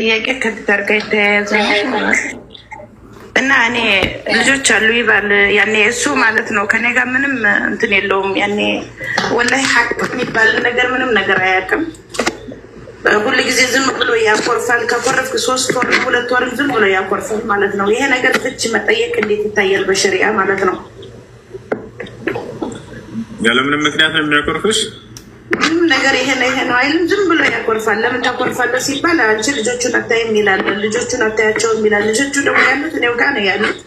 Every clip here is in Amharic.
ጥያቄ ከትዳር ጋር የተያያዘ እና እኔ ልጆች አሉ ይባል ያኔ እሱ ማለት ነው ከኔ ጋር ምንም እንትን የለውም። ያኔ ወላሂ ሀቅ የሚባል ነገር ምንም ነገር አያውቅም። ሁሉ ጊዜ ዝም ብሎ ያኮርፋል። ከኮረፍክ ሶስት ወር ሁለት ወር ዝም ብሎ ያኮርፋል ማለት ነው። ይሄ ነገር ፍች መጠየቅ እንዴት ይታያል በሸሪያ ማለት ነው? ያለምንም ምክንያት ነው የሚያኮርፍሽ ምንም ነገር ይሄ ነው ይሄ ነው አይልም። ዝም ብሎ ያጎርፋል። ለምን ታጎርፋለህ ሲባል አንቺ ልጆቹን አታይም ይላል። ልጆቹን አታያቸውም ይላል። ልጆቹ ደግሞ ያሉት እኔው ጋር ነው ያሉት።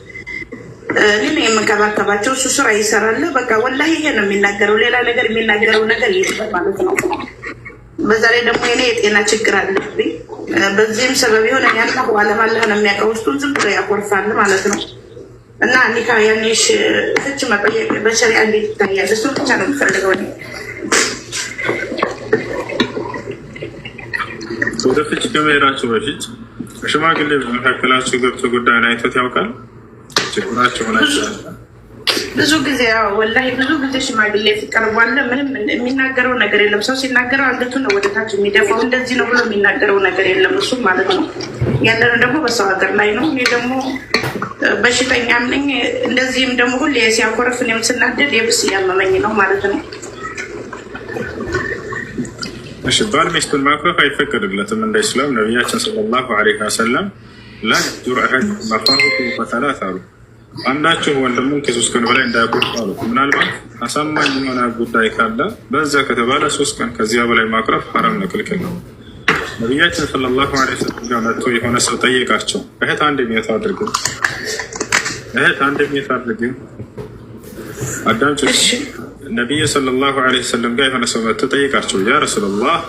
እኔ የምንከባከባቸው። እሱ ስራ ይሰራል። በቃ ወላሂ ይሄ ነው የሚናገረው። ሌላ ነገር የሚናገረው ነገር የለም ማለት ነው። በዛ ላይ ደግሞ እኔ የጤና ችግር አለብኝ። በዚህም ሰበብ ይሆን ያለ አለም አለ ነው የሚያውቀው። ውስጡ ዝም ብሎ ያጎርፋል ማለት ነው። እና ኒካ ያኔሽ ፍች መጠየቅ በሸሪያ እንዴት ይታያል? እሱ ብቻ ነው የምፈልገው። ወደ ፍች ከመሄዳችሁ በፊት ሽማግሌ በመካከላችሁ ገብቶ ጉዳይ አይቶት ያውቃል? ችግራቸውን ብዙ ጊዜ ወላሂ ብዙ ጊዜ ሽማግሌ ፊት ምንም የሚናገረው ነገር የለም። ሰው ሲናገረው አንገቱን ነው ወደታች የሚደፋው። እንደዚህ ነው ብሎ የሚናገረው ነገር የለም። እሱም ማለት ነው ያለነው ደግሞ በሰው ሀገር ላይ ነው። እኔ ደግሞ በሽተኛም ነኝ። እንደዚህም ደግሞ ሁሌ ሲያኮርፍ እኔም ስናደድ የብስ እያመመኝ ነው ማለት ነው። እሺ ባል ሚስቱን ማፈፍ አይፈቀድለትም። እንደ ኢስላም ነቢያችን ሰለላሁ ዐለይሂ ወሰለም ላ ጁርአ መፋቱ ፈተላት አሉ። አንዳቸው ወንድሙን ከሶስት ቀን በላይ እንዳያቆርጥ አሉ። ምናልባት አሳማኝ የሆነ ጉዳይ ካለ በዛ ከተባለ ሶስት ቀን ከዚያ በላይ ማቅረፍ ሐራም ነው፣ ክልክል ነው። ነቢያችን ሰለላሁ ዐለይሂ ወሰለም ጋር መጥቶ የሆነ ሰው ጠየቃቸው። እህት አንድ ሚኒት አድርግ፣ እህት አንድ ሚኒት አድርግ፣ አዳምጭ النبي صلى الله عليه وسلم قال فانا سوف يا رسول الله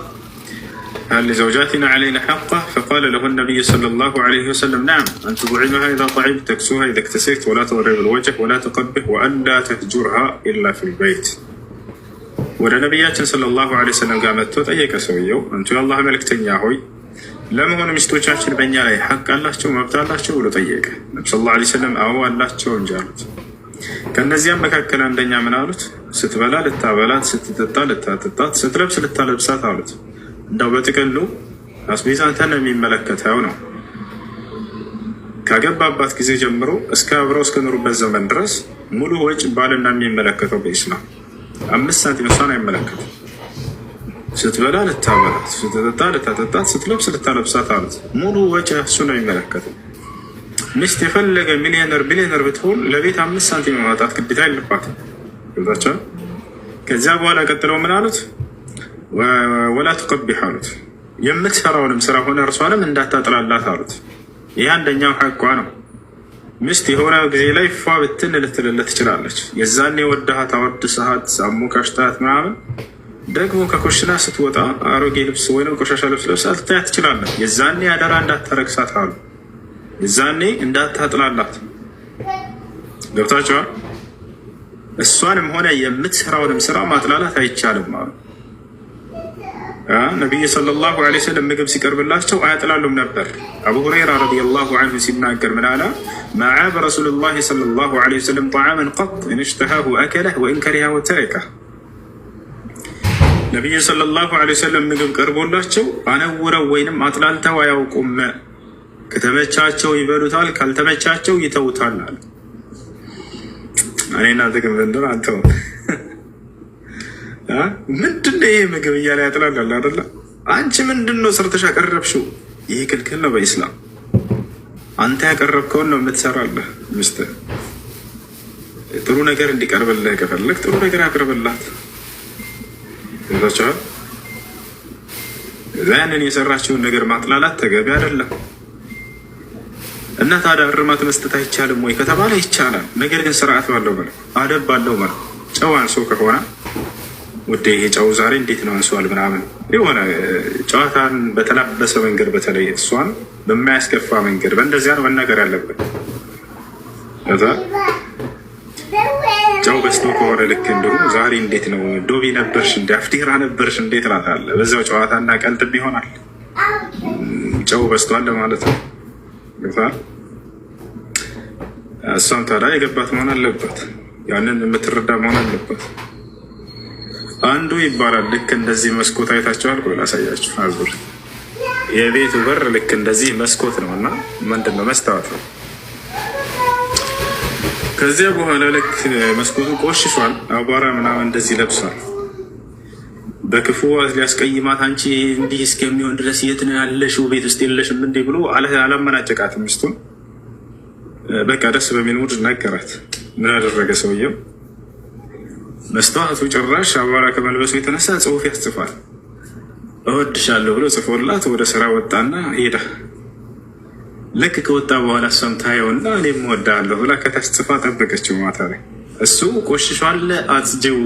هل لزوجاتنا علينا حقه؟ فقال له النبي صلى الله عليه وسلم نعم ان تطعمها اذا طعمت تكسوها اذا اكتسيت ولا تضرب الوجه ولا تقبه وان لا تهجرها الا في البيت. ولا نبيات صلى الله عليه وسلم قامت تطيك سويو انت يا الله ملك تنياهوي لم هنا مشتوشات البنيا لي حق الله شو مبتع الله شو لطيك النبي صلى الله عليه وسلم او الله شو انجالت. كان نزيان مكاك كلام دنيا منالوت ስትበላ ልታበላት፣ ስትጠጣ ልታጠጣት፣ ስትለብስ ልታለብሳት አሉት። እንደው በጥቅሉ አስቤዛ የሚመለከተው ነው። ከገባባት ጊዜ ጀምሮ እስከ አብረው እስከኖሩበት ዘመን ድረስ ሙሉ ወጭ ባልና የሚመለከተው በኢስላም አምስት ሳንቲም እሷን አይመለከትም። ስትበላ ልታበላት፣ ስትጠጣ ልታጠጣት፣ ስትለብስ ልታለብሳት አሉት። ሙሉ ወጭ እሱ ነው የሚመለከተው። ሚስት የፈለገ ሚሊዮነር ቢሊዮነር ብትሆን ለቤት አምስት ሳንቲም ማውጣት ግዴታ የለባትም። ገብታችኋል። ከዚያ በኋላ ቀጥለው ምን አሉት? ወላ ትቀቢሕ አሉት። የምትሰራውንም ስራ ሆነ እርሷንም እንዳታጥላላት አሉት። ይህ አንደኛው ሐቋ ነው። ሚስት የሆነ ጊዜ ላይ ፏ ብትን ልትልለት ትችላለች። የዛኔ ወዳሃት አወድ ሰሀት አሞካሽታት ምናምን ደግሞ ከኩሽና ስትወጣ አሮጌ ልብስ ወይም ቆሻሻ ልብስ ለብሳ ልታያት ትችላለህ። የዛኔ አደራ እንዳታረግሳት አሉ። የዛኔ እንዳታጥላላት ገብታችኋል። እሷንም ሆነ የምትሰራውንም ስራ ማጥላላት አይቻልም አሉ። ነቢዩ ሰለላሁ ዐለይሂ ወሰለም ምግብ ሲቀርብላቸው አያጥላሉም ነበር። አቡ ሁረይራ ረዲየላሁ ዐንሁ ሲናገር ምን አላ መዐብ ረሱሉላሂ ሰለላሁ ዐለይሂ ወሰለም ጠዓመን ቀጥ እንሽተሃሁ አከለህ ወኢን ከሪሃሁ ተረከህ። ነቢዩ ሰለላሁ ዐለይሂ ወሰለም ምግብ ቀርቦላቸው አነውረው ወይንም አጥላልተው አያውቁም። ከተመቻቸው ይበሉታል፣ ካልተመቻቸው ይተውታል አሉ። እኔና ጥቅም ዘንድሮ አትሆን ምንድን ነው ይሄ ምግብ እያለ ያጥላላል አይደለ? አንቺ ምንድን ነው ሰርተሽ ያቀረብሽው? ይሄ ክልክል ነው በኢስላም። አንተ ያቀረብከውን ነው የምትሰራለህ። ምስት ጥሩ ነገር እንዲቀርብልህ ከፈለግ ጥሩ ነገር ያቅርብላት። ዛቸዋል ዛንን የሰራችውን ነገር ማጥላላት ተገቢ አይደለም። እና ታዲያ እርማት መስጠት አይቻልም ወይ ከተባለ ይቻላል። ነገር ግን ስርዓት ባለው መልኩ አደብ ባለው መልኩ ጨው አንሶ ከሆነ ውዴ ይሄ ጨው ዛሬ እንዴት ነው አንሷል ምናምን የሆነ ጨዋታን በተላበሰ መንገድ በተለይ እሷን በማያስከፋ መንገድ በእንደዚያ ነው መናገር ያለብን። ጨው በስቶ ከሆነ ልክ እንዲሁ ዛሬ እንዴት ነው ዶቢ ነበርሽ እንደ አፍዴራ ነበርሽ እንዴት ናታለ በዚያው ጨዋታና ቀልድም ይሆናል። ጨው በዝቷል ማለት ነው። እሷም ታዲያ የገባት መሆን አለባት። ያንን የምትረዳ መሆን አለባት። አንዱ ይባላል ልክ እንደዚህ መስኮት አይታችኋል? ቆይ ላሳያችሁ። አዙር የቤቱ በር ልክ እንደዚህ መስኮት ነው እና ምንድን ነው መስታወት ነው። ከዚያ በኋላ ልክ መስኮቱ ቆሽሿል፣ አቧራ ምናምን እንደዚህ ለብሷል። በክፉ ሊያስቀይማት አንቺ እንዲህ እስከሚሆን ድረስ የት ነው ያለሽው? ቤት ውስጥ የለሽም እንዲህ ብሎ አላመናጨቃትም ሚስቱን በቃ ደስ በሚል ሙድ ነገራት። ምን አደረገ ሰውየው? መስተዋቱ ጭራሽ አቧራ ከመልበሱ የተነሳ ጽሁፍ ያስጽፋል። እወድሻለሁ ብሎ ጽፎላት ወደ ስራ ወጣና ሄዳ ልክ ከወጣ በኋላ እሷም ታየውና እኔም እወድሃለሁ ብላ ከታች ጽፋ ጠበቀችው። ማታ ላይ እሱ ቆሽሿል፣ አጽጅው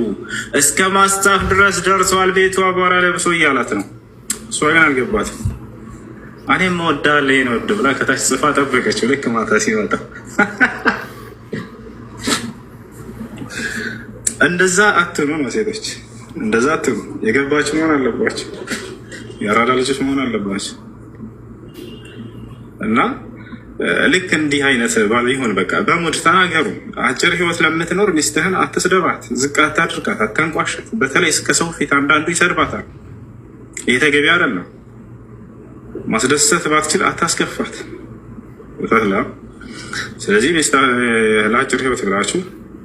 እስከ ማስጻፍ ድረስ ደርሰዋል፣ ቤቱ አቧራ ለብሶ እያላት ነው። እሷ ግን አልገባትም። እኔም እወድሃለሁ ይህን ወድ ብላ ከታች ጽፋ ጠበቀችው ልክ ማታ ሲመጣ እንደዛ አትኑ ነው ሴቶች፣ እንደዛ አትኑ። የገባች መሆን አለባቸው የአራዳ ልጆች መሆን አለባቸው። እና ልክ እንዲህ አይነት ባል ይሁን በቃ በሙድ ተናገሩ። አጭር ህይወት ለምትኖር ሚስትህን አትስደባት፣ ዝቅ አታድርጋት፣ አታንቋሸት። በተለይ እስከ ሰው ፊት አንዳንዱ ይሰድባታል። ይህ ተገቢ አይደለም። ማስደሰት ባትችል አታስከፋት። ስለዚህ ለአጭር ህይወት ብላችሁ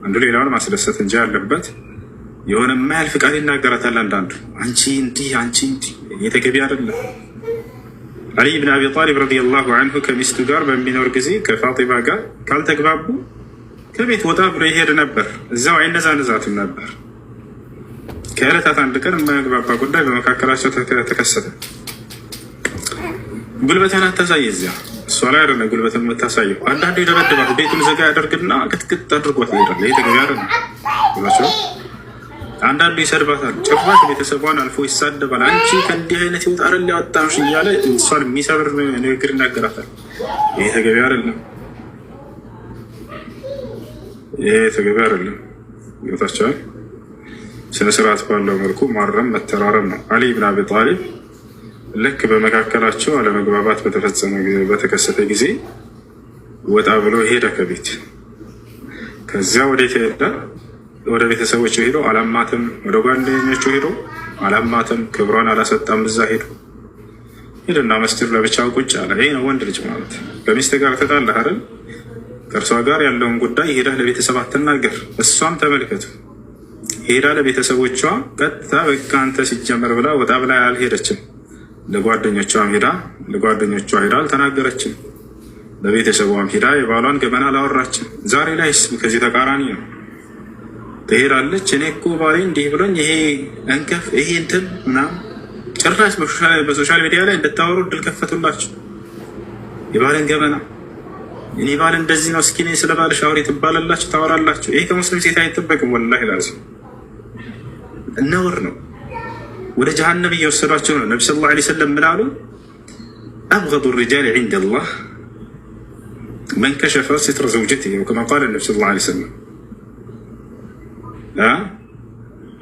አንዱ ሌላውን ማስደሰት እንጂ ያለበት የሆነ የማያልፍ ቃል ይናገራታል። አንዳንዱ አንቺ እንዲህ አንቺ እንዲህ የተገቢ አይደለም። አሊ ብን አቢ ጣሊብ ረዲየላሁ አንሁ ከሚስቱ ጋር በሚኖር ጊዜ ከፋጢማ ጋር ካልተግባቡ ከቤት ወጣ ብሎ ይሄድ ነበር። እዛው አይነዛነዛትም ነበር። ከእለታት አንድ ቀን የማያግባባ ጉዳይ በመካከላቸው ተከሰተ። ጉልበትህን አታሳይ እዚያ እሷ ላይ አደለ ጉልበትን የምታሳየው። አንዳንዱ ይደበደባል ቤቱን ዘጋ ያደርግና ቅጥቅጥ አድርጓት ይሄዳል። ይህ ተገቢ አንዳንዱ ይሰድባታል። ጭራሽ ቤተሰቧን አልፎ ይሳደባል። አንቺ ከእንዲህ አይነት ህይወት አደለ ያወጣሽ እያለ እሷን የሚሰብር ንግግር ይናገራታል። ይህ ተገቢ አደለም። ይህ ተገቢ አደለም። ይወታቸዋል። ስነስርዓት ባለው መልኩ ማረም መተራረም ነው። አሊ ብን አቢ ጣሊብ ልክ በመካከላቸው አለመግባባት በተፈጸመ በተከሰተ ጊዜ ወጣ ብሎ ሄደ ከቤት። ከዚያ ወዴት ሄደ? ወደ ቤተሰቦች ሄዶ አላማትም፣ ወደ ጓደኞቹ ሄዶ አላማትም፣ ክብሯን አላሰጣም። እዛ ሄዶ ሄደና መስጅድ ለብቻ ቁጭ አለ። ይህ ነው ወንድ ልጅ ማለት። ከሚስት ጋር ተጣላህ አይደል? ከእርሷ ጋር ያለውን ጉዳይ ሄደህ ለቤተሰብ አትናገር። እሷም ተመልከቱ ሄዳ ለቤተሰቦቿ ቀጥታ በቃ አንተ ሲጀመር ብላ ወጣ ብላ አልሄደችም። ለጓደኞቿም ሄዳ ለጓደኞቿ ሄዳ አልተናገረችም። ለቤተሰቧም ሄዳ የባሏን ገበና አላወራችም። ዛሬ ላይስ ከዚህ ተቃራኒ ነው። ትሄዳለች። እኔ እኮ ባሌ እንዲህ ብሎኝ ይሄ እንከፍ ይሄ እንትን ምናምን ጭራሽ በሶሻል ሚዲያ ላይ እንድታወሩ እድል ከፈቱላችሁ። የባልን ገበና እኔ ባል እንደዚህ ነው፣ እስኪ እኔ ስለ ባልሽ አውሪ ትባላላችሁ፣ ታወራላችሁ። ይሄ ከሙስሊም ሴት አይጠበቅም። ወላሂ ላዚ ነውር ነው። ወደ ጀሃነም እየወሰዷቸው ነው። ነቢ ሰለላሁ ዐለይሂ ወሰለም ምን አሉ? አብገዱ ሪጃል ዒንደ መን ከሸፈ ሲትረ ዘውጀቲሂ ወከማ ቃለ ነቢ ሰለላሁ ዐለይሂ ወሰለም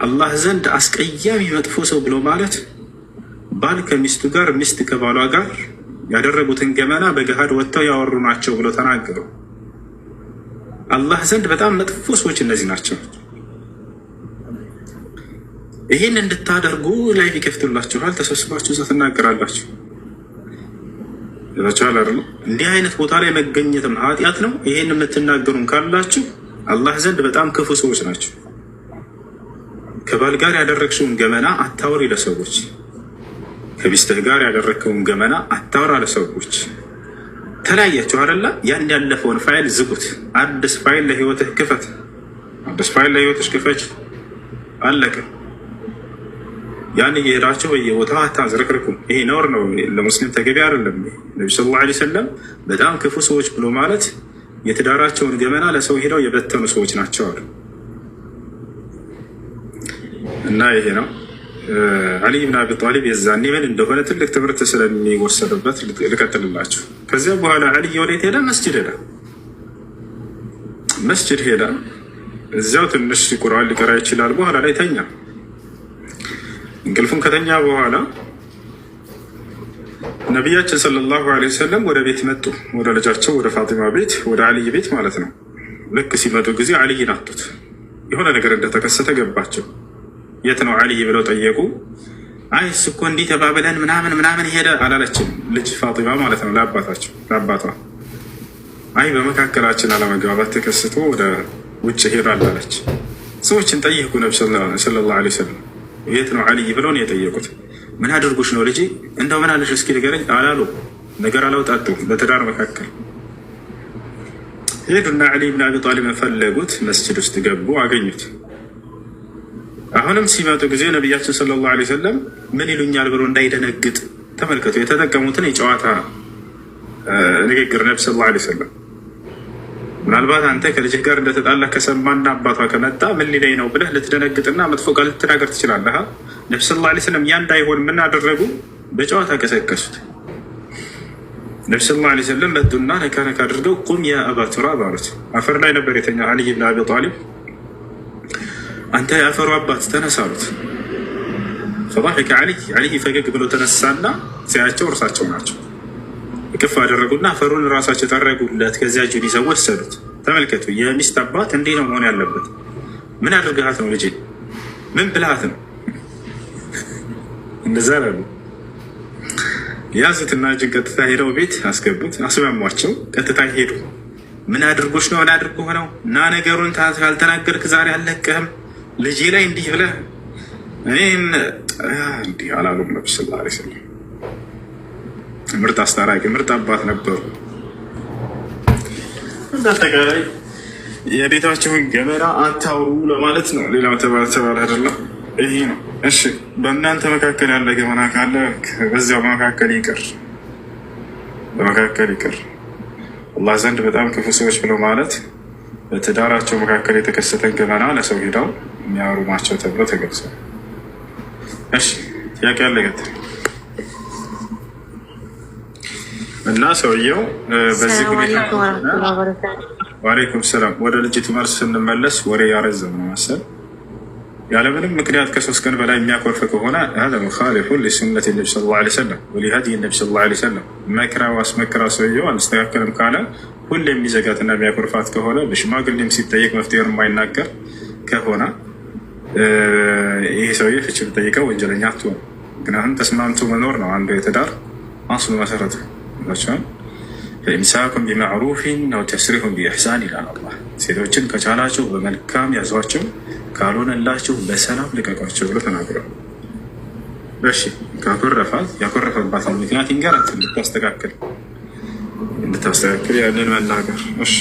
አላህ ዘንድ አስቀያሚ መጥፎ ሰው ብሎ ማለት ባል ከሚስቱ ጋር ሚስት ከባሏ ጋር ያደረጉትን ገመና በገሃድ ወጥተው ያወሩ ናቸው ብሎ ተናገሩ። አላህ ዘንድ በጣም መጥፎ ሰዎች እነዚህ ናቸው። ይህን እንድታደርጉ ላይ ይከፍትላችኋል። ተሰብስባችሁ እዛ ትናገራላችሁ። ቻል አይደለ? እንዲህ አይነት ቦታ ላይ መገኘትም ኃጢአት ነው። ይሄን የምትናገሩን ካላችሁ አላህ ዘንድ በጣም ክፉ ሰዎች ናቸው። ከባል ጋር ያደረግሽውን ገመና አታውሪ ለሰዎች። ከሚስትህ ጋር ያደረግከውን ገመና አታውራ ለሰዎች። ተለያያችሁ አይደለ? ያን ያለፈውን ፋይል ዝጉት። አዲስ ፋይል ለህይወትህ ክፈት። አዲስ ፋይል ለህይወትሽ ክፈች። አለቅም ያን እየሄዳቸው በየቦታ አታዝረክርኩም። ይሄ ነውር ነው፣ ለሙስሊም ተገቢ አይደለም። ነቢ ስ ላ ሰለም በጣም ክፉ ሰዎች ብሎ ማለት የትዳራቸውን ገመና ለሰው ሄደው የበተኑ ሰዎች ናቸው አሉ እና ይሄ ነው አሊ ብን አቢ ጣሊብ የዛኔ ምን እንደሆነ ትልቅ ትምህርት ስለሚወሰድበት ልቀጥልላቸው። ከዚያ በኋላ አሊ ወዴት ሄደ? መስጅድ ሄደ። መስጅድ ሄደ። እዚያው ትንሽ ቁርአን ሊቀራ ይችላል። በኋላ ላይ ተኛ። እንቅልፉን ከተኛ በኋላ ነቢያችን ሰለላሁ ዐለይሂ ወሰለም ወደ ቤት መጡ። ወደ ልጃቸው ወደ ፋጢማ ቤት ወደ አልይ ቤት ማለት ነው። ልክ ሲመጡ ጊዜ አልይን አጡት። የሆነ ነገር እንደተከሰተ ገባቸው። የት ነው አልይ ብለው ጠየቁ። አይ እሱ እኮ እንዲህ ተባብለን ምናምን ምናምን ሄደ አላለችም ልጅ ፋጢማ ማለት ነው ለአባታቸው ለአባቷ አይ በመካከላችን አለመግባባት ተከስቶ ወደ ውጭ ሄዷል አላለች። ሰዎችን ጠይቁ ነብ ሰለላሁ ዐለይሂ ወሰለም የት ነው አልይ ብለው ነው የጠየቁት። ምን አድርጉሽ ነው ልጅ እንደው ምን አለሽ እስኪ ንገረኝ አላሉ። ነገር አላውጣጡ በትዳር መካከል ሄዱና አሊ ብን አቢ ጣሊብ ፈለጉት። መስጅድ ውስጥ ገቡ፣ አገኙት። አሁንም ሲመጡ ጊዜ ነቢያችን ሰለላሁ ዓለይሂ ወሰለም ምን ይሉኛል ብሎ እንዳይደነግጥ ተመልከቱ። የተጠቀሙትን የጨዋታ ንግግር ነብ ሰለላሁ ዓለይሂ ወሰለም ምናልባት አንተ ከልጅህ ጋር እንደተጣላ ከሰማና አባቷ ከመጣ ምን ሊለኝ ነው ብለህ ልትደነግጥና መጥፎ ቃል ልትናገር ትችላለህ። ነቢ ስ ላ ስለም ያ እንዳይሆን ምን አደረጉ? በጨዋታ ቀሰቀሱት። ነቢ ስ ላ ስለም መጡና ነካነካ አድርገው ቁም ያ አባ ቱራብ አሉት። አፈር ላይ ነበር የተኛ አልይ ብን አቢ ጣሊብ አንተ የአፈሩ አባት ተነሳ አሉት። ፈضሐከ አልይ አልይ ፈገግ ብሎ ተነሳና ሲያቸው እርሳቸው ናቸው እቅፍ አደረጉና አፈሩን ራሳቸው ጠረጉለት። ከዚያ እጁን ይዘው ወሰዱት። ተመልከቱ፣ የሚስት አባት እንዲህ ነው መሆን ያለበት። ምን አድርገሃት ነው ልጅ? ምን ብልሃት ነው? እንደዛ ላሉ ያዙትና እጅን ቀጥታ ሄደው ቤት አስገቡት። አስማሟቸው። ቀጥታ ሄዱ። ምን አድርጎች ነው? ምን አድርጎ እና ነገሩን ካልተናገርክ ዛሬ አለቀህም። ልጄ ላይ እንዲህ ብለህ እኔ አላሉም ነብስ ላ ምርጥ አስታራቂ፣ ምርጥ አባት ነበሩ። እንዳጠቃላይ የቤታቸውን ገመና አታውሩ ለማለት ነው። ሌላ ተባለ ተባለ አይደለም። ይሄ ነው እሺ። በእናንተ መካከል ያለ ገበና ካለ በዚያው በመካከል ይቅር፣ በመካከል ይቅር። አላህ ዘንድ በጣም ክፉ ሰዎች ብለው ማለት በትዳራቸው መካከል የተከሰተን ገበና ለሰው ሄደው የሚያወሩ ናቸው ተብሎ ተገልጿል። እሺ ጥያቄ እና ሰውየው በዚህ ዋሌኩም ሰላም። ወደ ልጅቱ መልስ ስንመለስ ወሬ ያረዘም ነው መሰል ያለምንም ምክንያት ከሶስት ቀን በላይ የሚያኮርፍ ከሆነ ሀ ሙካሊፉ ሊሱነት ነቢ ስ ላ ሰለም ወሊሀዲ ነቢ ስ ላ ሰለም መክራ ዋስመክራ ሰውየው አልስተካከልም ካለ ሁሌ የሚዘጋትና የሚያኮርፋት ከሆነ በሽማግሌም ሲጠየቅ መፍትሄ የማይናገር ከሆነ ይህ ሰውዬ ፍቺ ብጠይቀው ወንጀለኛ አትሆን። ምክንያቱም ተስማምቶ መኖር ነው አንዱ የትዳር አስሉ መሰረቱ ኢምሳኩም ቢማዕሩፊን ነው ተስሪሑን ቢኢሕሳን ይላል አላህ። ሴቶችን ከቻላችሁ በመልካም ያዟቸው፣ ካልሆነላችሁ በሰላም ልቀቋቸው ብሎ ተናግሯል። እሺ ካኮረፋት ያኮረፈባትን ምክንያት ይንገራት እንድታስተካክል እንድታስተካክል ያንን መናገር እሺ